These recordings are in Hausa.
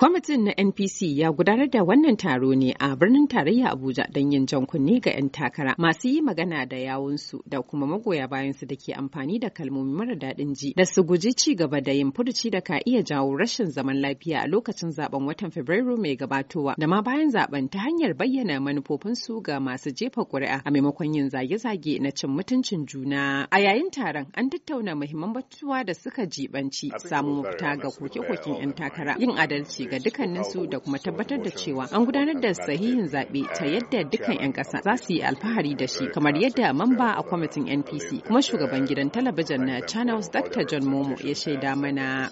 Kwamitin na NPC ya gudanar da wannan taro ne a birnin tarayya Abuja don yin jan kunne ga 'yan takara masu yi magana da yawunsu da kuma magoya bayansu da ke amfani da kalmomi mara daɗin ji da su guji ci gaba da yin furuci da ka iya jawo rashin zaman lafiya a lokacin zaben watan Fabrairu mai gabatowa da ma bayan zaben ta hanyar bayyana manufofinsu ga masu jefa ƙuri'a a maimakon yin zage-zage na cin mutuncin juna. A yayin taron an tattauna muhimman batutuwa da suka jibanci samun mafita ga koke-koken 'yan takara yin adalci ga ga dukkaninsu da kuma tabbatar da cewa an gudanar da sahihin zaɓe ta uh, yadda dukkan 'yan ƙasa za su yi alfahari da shi kamar yadda mamba a kwamitin NPC kuma shugaban gidan talabijin na Channels Dr. John Momo ya shaida mana.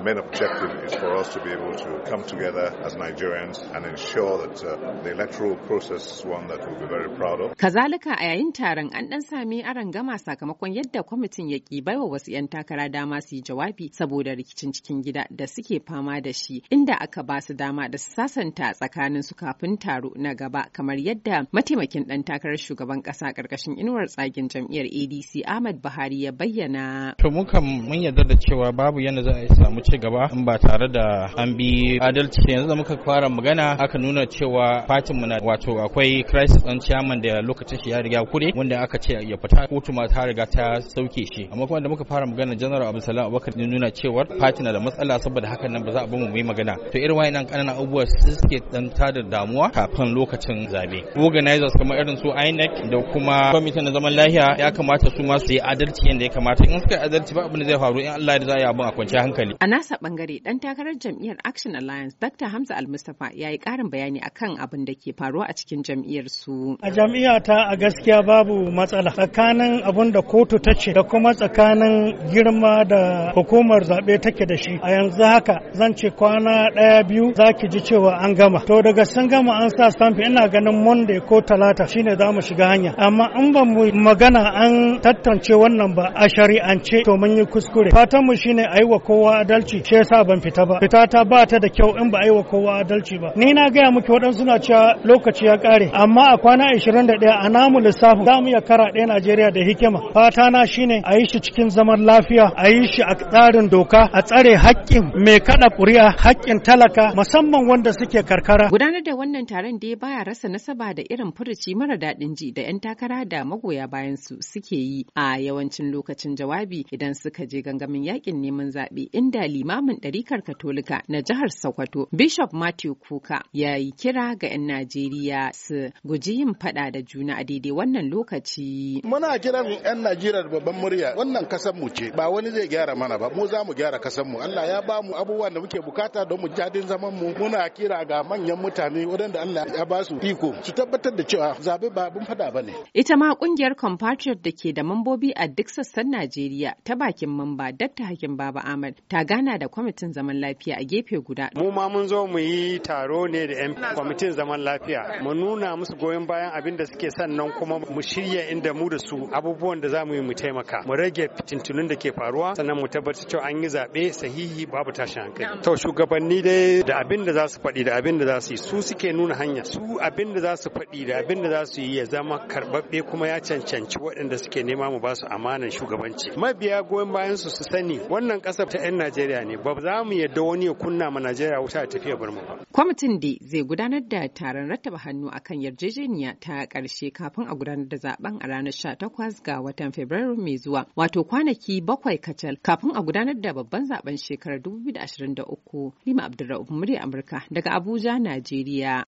Uh, Kazalika a yayin taron an ɗan sami aron gama sakamakon yadda kwamitin ya ƙi baiwa wasu 'yan takara dama su yi jawabi saboda rikicin cikin gida da suke fama da shi inda aka ba su dama da sasanta tsakanin su kafin taro na gaba kamar yadda mataimakin dan takarar shugaban kasa karkashin inuwar tsagin jam'iyyar ADC Ahmad Buhari ya bayyana. To mu kan mun yarda da cewa babu yadda za a samu ci gaba in ba tare da an bi adalci yanzu da muka fara magana aka nuna cewa fatin mu na wato akwai crisis ɗin chairman da lokacin shi ya riga kure wanda aka ce ya fita kotu ma ta riga ta sauke shi amma kuma da muka fara magana general Abdulsalam Abubakar ya nuna cewa fatin na da matsala saboda hakan nan ba za a bamu mu yi magana to irin wayannan ƙananan abubuwa suke dan tada damuwa kafin lokacin zabe organizers kamar irin su INEC da kuma kwamitin na zaman lafiya ya kamata su ma su yi adalci yadda ya kamata in suka adalci ba abin da zai faru in Allah ya za a yi abin a kwanciyar hankali a nasa bangare dan takarar jam'iyyar Action Alliance Dr. Hamza Al-Mustafa ya yi ƙarin bayani akan abin da ke faruwa a cikin jam'iyyar su a jam'iyya ta a gaskiya babu matsala tsakanin abin da kotu ta ce da kuma tsakanin girma da hukumar zabe take da shi a yanzu haka zan ce kwana ɗaya biyu biyu za ki ji cewa an gama to daga sun gama an sa stamp ina ganin monday ko talata shine za mu shiga hanya amma in ba mu magana an tantance wannan ba a shari'ance to mun yi kuskure fatan mu shine a wa kowa adalci shi yasa ban fita ba fita ta ba ta da kyau in ba a yi wa kowa adalci ba ni na gaya muke wadansu suna cewa lokaci ya kare. amma a kwana 21 a namu lissafin za mu iya kara ɗaya Najeriya da hikima fata na shine a yi shi cikin zaman lafiya a yi shi a tsarin doka a tsare haƙƙin mai kaɗa ƙuri'a haƙƙin talaka musamman wanda suke karkara. Gudanar da wannan taron da dai baya rasa nasaba da irin furuci mara daɗin ji da 'yan takara da magoya bayan su suke yi a yawancin lokacin jawabi idan suka je gangamin yakin neman zaɓe inda limamin ɗarikar Katolika na jihar Sokoto Bishop Matthew Kuka ya yi kira ga 'yan Najeriya su guji yin faɗa da juna a daidai wannan lokaci. Muna kiran 'yan Najeriya babban murya wannan kasan mu ce ba wani zai gyara mana ba mu za mu gyara kasan mu Allah ya ba mu abubuwan da muke bukata don mu jadin zama mu muna kira ga manyan mutane waɗanda Allah ya ba su iko su tabbatar da cewa zabe ba abin fada bane ita ma kungiyar compatriot da ke da mambobi a duk sassan Najeriya ta bakin mamba Dr. Hakim Baba Ahmad ta gana da kwamitin zaman lafiya a gefe guda mu ma mun zo mu yi taro ne da yan kwamitin zaman lafiya mu nuna musu goyon bayan abin da suke sannan kuma mu shirya inda mu da su abubuwan da za mu yi mu taimaka mu rage fitintunun da ke faruwa sannan mu tabbatar cewa an yi zabe sahihi babu tashin hankali to shugabanni dai da abin da za su faɗi da abin da za su yi su suke nuna hanya su abin da za su faɗi da abin da za su yi ya zama karɓaɓɓe kuma ya cancanci waɗanda suke nema mu ba su amanan shugabanci mabiya goyon bayan su su sani wannan ƙasar ta 'yan Najeriya ne ba za mu yadda wani ya kunna ma Najeriya wuta ta tafiya bar mu ba kwamitin da zai gudanar da taron rattaba hannu akan yarjejeniya ta ƙarshe kafin a gudanar da zaben a ranar 18 ga watan Fabrairu mai zuwa wato kwanaki bakwai kacal kafin a gudanar da babban zaben shekarar 2023 Lima Abdulrahman Muri Amurka daga Abuja, Najeriya.